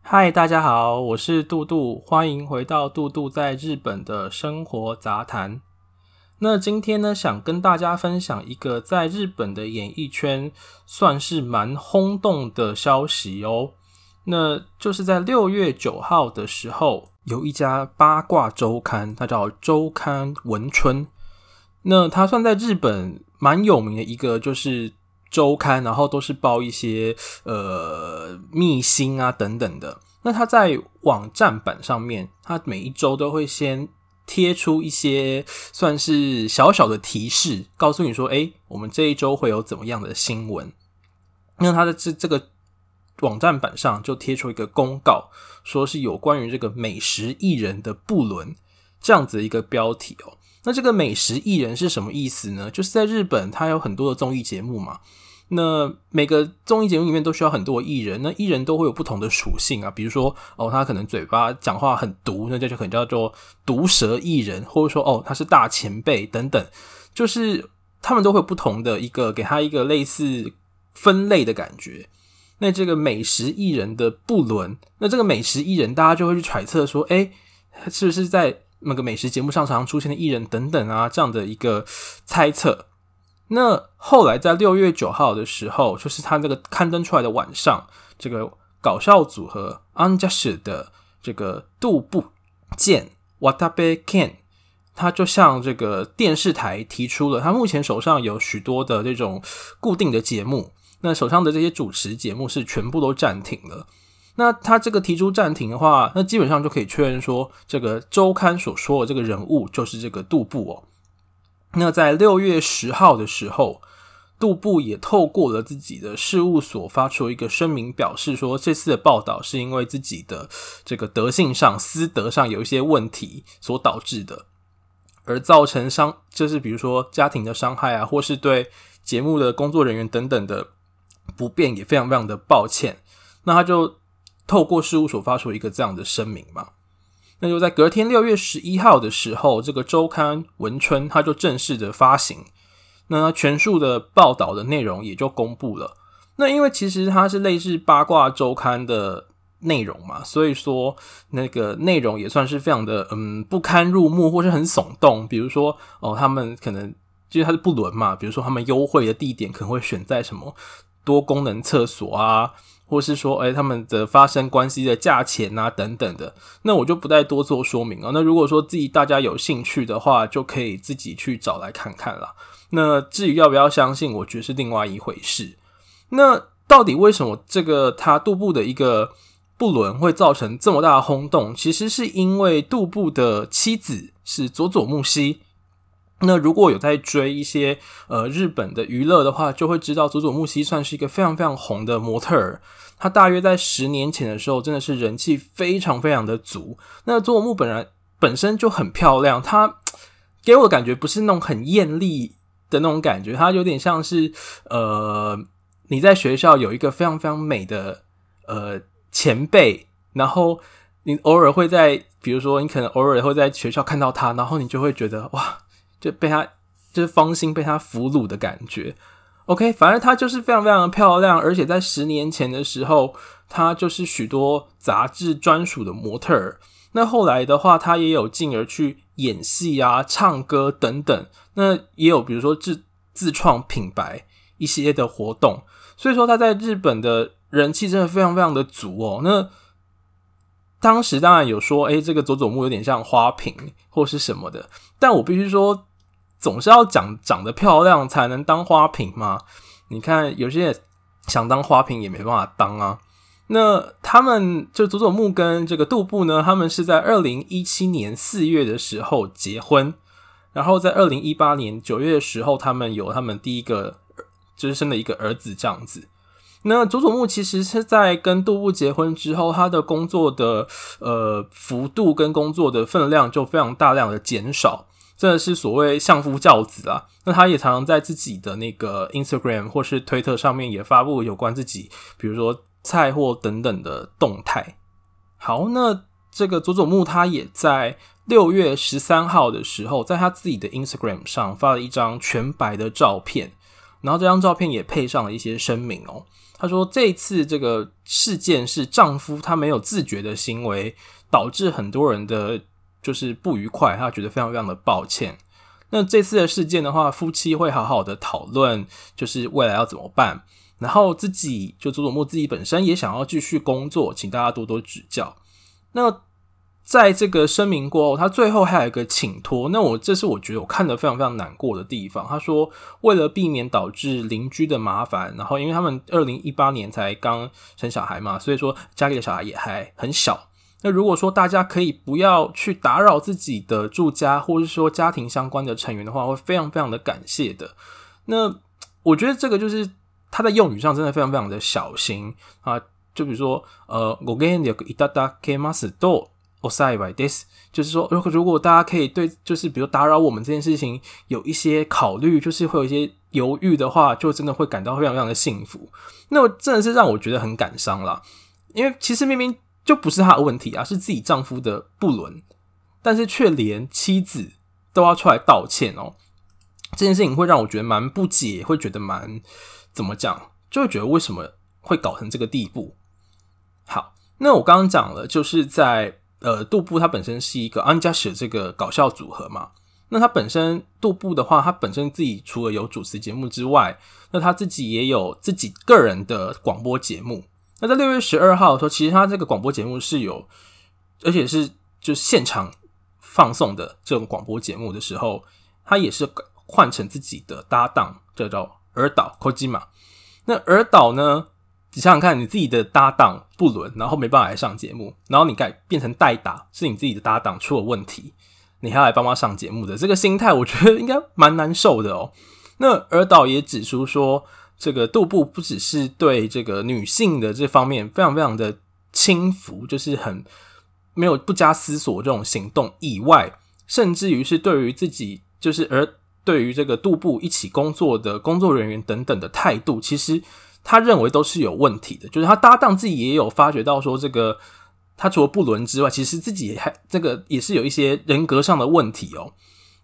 嗨，大家好，我是杜杜。歡迎回到杜杜在日本的生活雜談。那今天呢，想跟大家分享一個在日本的演藝圈算是蠻轟動的消息哦。那就是在六月九號的時候，有一家八卦週刊，它叫週刊文春。那它算在日本蠻有名的一個就是周刊，然後都是報一些呃祕辛啊等等的。那它在網站版上面，它每一周都會先貼出一些算是小小的提示，告訴你說，欸，我們這一周會有怎麼樣的新聞。那它的這這個網站版上就貼出一個公告，說是有關於這個美食藝人的不倫這樣子一個標題喔。那這個美食藝人是什麼意思呢？就是在日本，它有很多的綜藝節目嘛。那每個綜藝節目裡面都需要很多藝人，那藝人都會有不同的屬性啊。比如說，哦，他可能嘴巴講話很毒，那這就可能叫做毒舌藝人，或者說，哦，他是大前輩等等，就是他們都會有不同的一個給他一個類似分類的感覺。那這個美食藝人的不倫，那這個美食藝人大家就會去揣測說，哎、欸，他是不是在？那個美食節目上常常出現的藝人等等啊，這樣的一個猜測。那後來在六月九號的時候，就是他那個刊登出來的晚上，這個搞笑組合 Anjash 的這個渡部建 Watabe Ken，他就向這個電視台提出了，他目前手上有許多的這種固定的節目，那手上的這些主持節目是全部都暫停了。那他這個提出暫停的話，那基本上就可以確認說，這個周刊所說的這個人物就是這個渡部哦。那在六月十號的時候，渡部也透過了自己的事務所發出一個聲明，表示說這次的報道是因為自己的這個德性上、私德上有一些問題所導致的，而造成傷，就是比如說家庭的傷害啊，或是對節目的工作人員等等的不便，也非常非常的抱歉。那他就。透過事務所發出一個這樣的聲明嘛，那就在隔天六月十一號的時候，這個周刊文春它就正式的發行，那全數的報道的內容也就公布了。那因為其實它是類似八卦周刊的內容嘛，所以說那個內容也算是非常的嗯不堪入目或是很聳動，比如說哦他們可能就是他是不倫嘛，比如說他們幽會的地點可能會選在什麼。多功能廁所啊，或是說，誒、欸、他們的發生關係的價錢啊，等等的，那我就不再多做說明了。那如果說自己大家有興趣的話，就可以自己去找來看看啦。那至於要不要相信，我覺得是另外一回事。那到底為什麼這個他渡部的一個不倫會造成這麼大的轟動？其實是因為渡部的妻子是佐佐木希。那如果有在追一些呃日本的娛樂的話，就會知道佐佐木希算是一個非常非常紅的模特兒。她大約在十年前的時候，真的是人氣非常非常的足。那佐佐木本人本身就很漂亮，她給我的感覺不是那種很豔麗的那種感覺，她有點像是呃你在學校有一個非常非常美的呃前輩，然後你偶爾會在比如說你可能偶爾會在學校看到他，然後你就會覺得哇。就被她，就是芳心被她俘虜的感覺。OK，反正她就是非常非常的漂亮，而且在十年前的時候，她就是許多雜誌專屬的模特兒。那後來的話，她也有進而去演戲啊、唱歌等等。那也有比如說自自創品牌一些的活動，所以說她在日本的人氣真的非常非常的足哦、喔。那當時當然有說，哎、欸，這個佐佐木有點像花瓶或是什麼的，但我必須說。總是要長長，長得漂亮才能當花瓶嘛，你看，有些想當花瓶也沒辦法當啊。那他們就佐佐木跟這個渡部呢，他們是在二零一七年四月的時候結婚，然後在二零一八年九月的時候，他們有他們第一個就是生了一個兒子這樣子。那佐佐木其實是在跟渡部結婚之後，他的工作的呃幅度跟工作的分量就非常大量的減少。真的是所謂相夫教子啦、啊。那他也常常在自己的那個 Instagram 或是推特上面也發布有關自己，比如說菜貨等等的動態。好，那這個佐佐木他也在六月十三號的時候，在他自己的 Instagram 上發了一張全白的照片，然後這張照片也配上了一些聲明哦、喔。他說，這次這個事件是丈夫他沒有自覺的行為，導致很多人的。就是不愉快，他覺得非常非常的抱歉。那這次的事件的話，夫妻會好好的討論，就是未來要怎麼辦。然後自己就佐佐木自己本身也想要繼續工作，請大家多多指教。那在這個聲明過後，他最後還有一個請託。那我這是我覺得我看得非常非常難過的地方。他說，為了避免導致鄰居的麻煩，然後因為他們二零一八年才剛生小孩嘛，所以說家裡的小孩也還很小。那如果說大家可以不要去打擾自己的住家或是說家庭相關的成員的話，會非常非常的感謝的。那我覺得這個就是他在用語上真的非常非常的小心啊。就比如說，呃，我給你有個一噠 k 馬斯多我塞吧。This 就是說，如果如果大家可以對就是比如打擾我們這件事情有一些考慮，就是會有一些猶豫的話，就真的會感到非常非常的幸福。那我真的是讓我覺得很感傷啦，因為其實明明。就不是他的問題啊，是自己丈夫的不倫，但是卻連妻子都要出來道歉喔。這件事情會讓我覺得蠻不解，會覺得蠻怎麼講，就會覺得為什麼會搞成這個地步。好，那我剛剛講了，就是在呃，渡部他本身是一個安佳雪這個搞笑組合嘛。那他本身渡部的話，他本身自己除了有主持節目之外，那他自己也有自己個人的廣播節目。那在六月十二號的時候，其實他這個廣播節目是有，而且是就現場放送的這種廣播節目的時候，他也是換成自己的搭檔，這個、叫做兒島 Kojima 嘛。那兒島呢，你想想看，你自己的搭檔不倫，然後沒辦法來上節目，然後你改變成代打，是你自己的搭檔出了問題，你還要來幫忙上節目的這個心態，我覺得應該蠻難受的哦、喔。那兒島也指出說。這個渡部不只是對這個女性的這方面非常非常的輕浮，就是很沒有不加思索這種行動以外，甚至於是對於自己，就是而對於這個渡部一起工作的工作人員等等的態度，其實他認為都是有問題的。就是他搭檔自己也有發覺到說，這個他除了不倫之外，其實自己還這個也是有一些人格上的問題哦。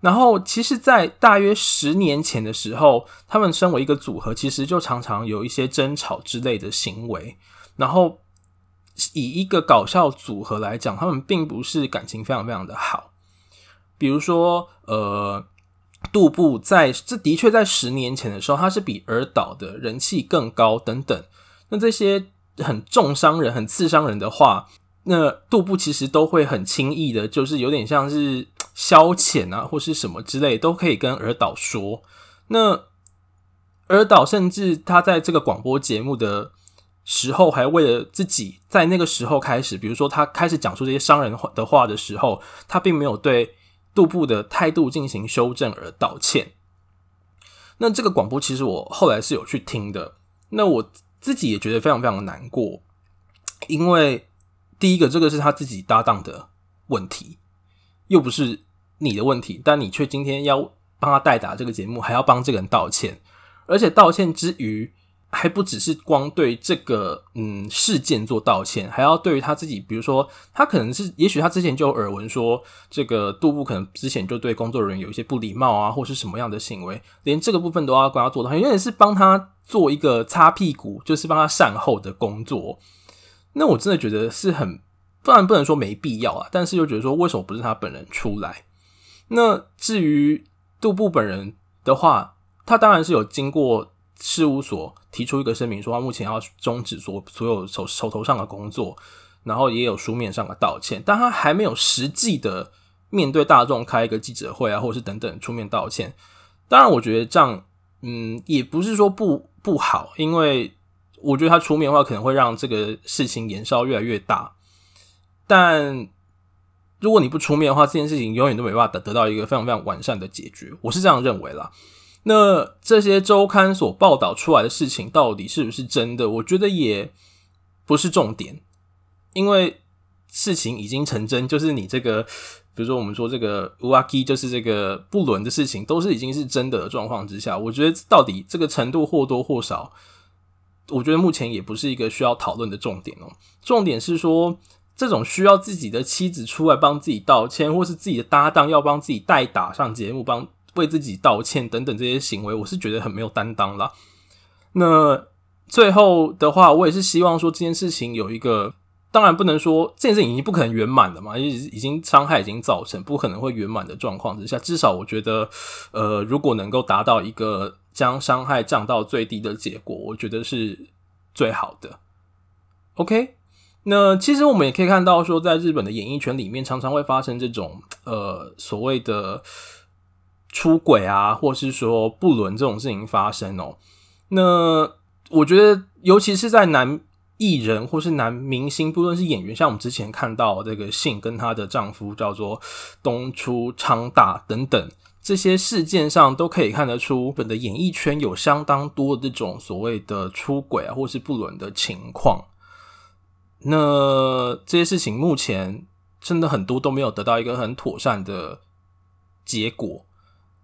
然後，其實，在大約十年前的時候，他們身為一個組合，其實就常常有一些爭吵之類的行為。然後，以一個搞笑組合來講，他們並不是感情非常非常的好。比如說，呃，渡部在這的確在十年前的時候，他是比児嶋的人氣更高等等。那這些很重傷人、很刺傷人的話。那渡部其實都會很輕易的，就是有點像是消遣啊，或是什麼之類，都可以跟児嶋說。那児嶋甚至他在這個廣播節目的時候，還為了自己在那個時候開始，比如說他開始講出這些傷人的話的時候，他並沒有對渡部的態度進行修正而道歉。那這個廣播其實我後來是有去聽的，那我自己也覺得非常非常難過，因為。第一個，這個是他自己搭檔的問題，又不是你的問題，但你卻今天要幫他代打這個節目，還要幫這個人道歉，而且道歉之餘，還不只是光對這個嗯事件做道歉，還要對於他自己，比如說他可能是，也許他之前就有耳聞說這個渡部可能之前就對工作人員有一些不禮貌啊，或是什麼樣的行為，連這個部分都要幫他做到，因為是幫他做一個擦屁股，就是幫他善後的工作。那我真的覺得是很，當然不能說沒必要啊，但是又覺得說為什麼不是他本人出來？那至於渡部本人的話，他當然是有經過事務所提出一個聲明，說他目前要終止所所有手手頭上的工作，然後也有書面上的道歉，但他還沒有實際的面對大眾開一個記者會啊，或者是等等出面道歉。當然，我覺得這樣，嗯，也不是說不不好，因為。我覺得他出面的話，可能會讓這個事情延燒越來越大。但如果你不出面的話，這件事情永遠都沒辦法得到一個非常非常完善的解決。我是這樣認為啦。那這些週刊所報道出來的事情，到底是不是真的？我覺得也不是重點，因為事情已經成真，就是你這個，比如說我們說這個烏阿基，就是這個不倫的事情，都是已經是真的的狀況之下。我覺得到底這個程度或多或少。我覺得目前也不是一個需要討論的重點哦。重點是說，這種需要自己的妻子出來幫自己道歉，或是自己的搭檔要幫自己代打上節目，幫為自己道歉等等這些行為，我是覺得很沒有擔當啦。那最後的話，我也是希望說這件事情有一個。當然不能說這件事情已經不可能圓滿了嘛，因為已經傷害已經造成，不可能會圓滿的狀況之下，至少我覺得，呃，如果能夠達到一個將傷害降到最低的結果，我覺得是最好的。OK，那其實我們也可以看到，說在日本的演藝圈裡面，常常會發生這種呃所謂的出軌啊，或是說不倫這種事情發生哦、喔。那我覺得，尤其是在男。藝人或是男明星，不論是演員，像我們之前看到這個杏跟她的丈夫叫做東出昌大等等這些事件上，都可以看得出，日本的演藝圈有相當多的這種所謂的出軌啊，或是不倫的情況。那這些事情目前真的很多都沒有得到一個很妥善的結果。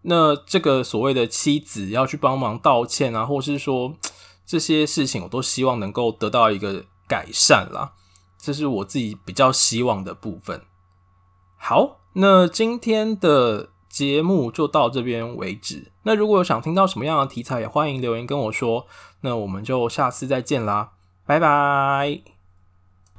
那這個所謂的妻子要去幫忙道歉啊，或是說。這些事情，我都希望能夠得到一個改善啦。這是我自己比較希望的部分。好，那今天的節目就到這邊為止。那如果有想聽到什麼樣的題材，也歡迎留言跟我說。那我們就下次再見啦，拜拜。